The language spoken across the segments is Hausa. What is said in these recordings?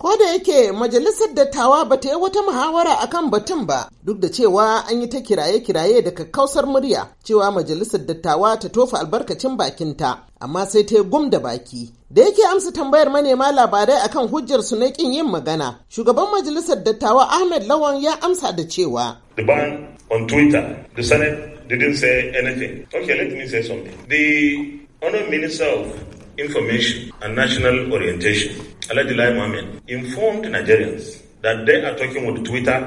Ko da yake majalisar dattawa ba ta yi wata muhawara a kan batun ba, duk da cewa an yi ta kiraye-kiraye da kakkausar murya cewa majalisar dattawa ta tofa albarkacin bakinta, amma sai ta yi gum da baki. Da yake amsa tambayar manema labarai akan hujjar su na kin yin magana, shugaban majalisar dattawa Ahmed Lawan ya amsa da cewa. The Minister of information and national orientation, Alaji Lai informed Nigerians that they are talking with Twitter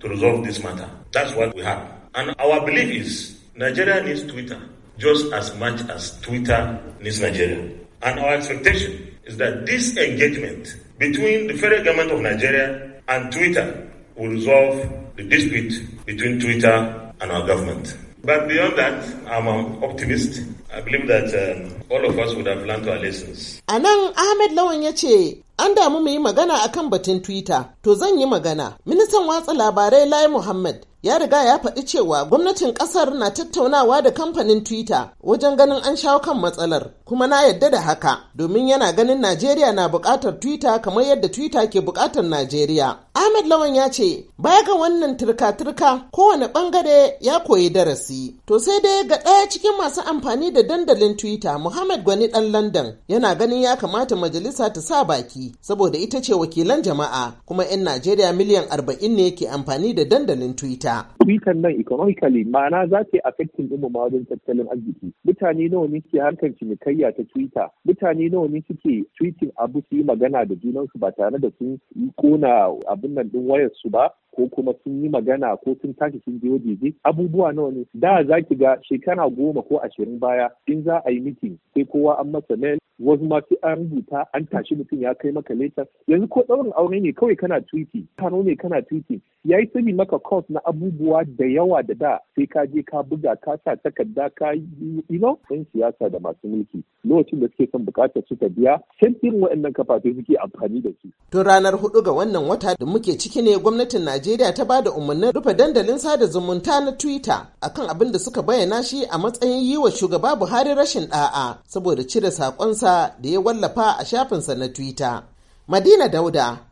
to resolve this matter. That's what we have. And our belief is Nigeria needs Twitter just as much as Twitter needs Nigeria. And our expectation is that this engagement between the federal government of Nigeria and Twitter will resolve the dispute between Twitter and our government. But beyond that, I'm an optimist. I believe that um, all of us would have learned our lessons. A nan Ahmed Lawan ya ce, An damu mu yi magana akan batun Twitter, to zan yi magana. Ministan watsa labarai Lai Muhammad ya riga ya faɗi cewa gwamnatin ƙasar na tattaunawa da kamfanin twitter wajen ganin an shawo kan matsalar kuma na yadda da haka domin yana ganin najeriya na buƙatar twitter kamar yadda twitter ke buƙatar najeriya ahmed lawan ya ce baya ga wannan turka-turka kowane ɓangare ya koyi darasi to sai dai ga ɗaya cikin masu amfani da dandalin twitter muhammad gwani ɗan london yana ganin ya kamata majalisa ta sa baki saboda ita ce wakilan jama'a kuma 'yan Najeriya miliyan 40 ne ke amfani da dandalin Twitter. Twitter nan economically ma'ana za ta yi affecting ɗin ma wajen tattalin arziki. Mutane nawa ne ke harkar cinikayya ta Twitter? Mutane nawa ne suke tweeting abu su yi magana da junansu ba tare da sun kona abin nan ɗin wayarsu ba? ko kuma sun yi magana ko sun tashi sun je wajeje abubuwa nawa ne da za ki ga shekara goma ko ashirin baya in za a yi mitin sai kowa an masa mail wasu ma an rubuta an tashi mutum ya kai maka leta yanzu ko ɗaurin aure ne kawai kana tweeting kano ne kana tweeting ya yi sani maka cost na abubuwa da yawa da da sai ka je ka buga ka sa takarda ka yi ino yan siyasa da masu mulki lokacin da suke son bukatar su ta biya sai irin waɗannan kafafe suke amfani da su. To ranar hudu ga wannan wata da muke ciki ne gwamnatin Najeriya ta ba da umarnin rufe dandalin sada zumunta na Twitter akan abin da suka bayyana shi a matsayin yi wa shugaba Buhari rashin ɗa'a saboda cire saƙonsa da ya wallafa a shafinsa na Twitter. Madina Dauda,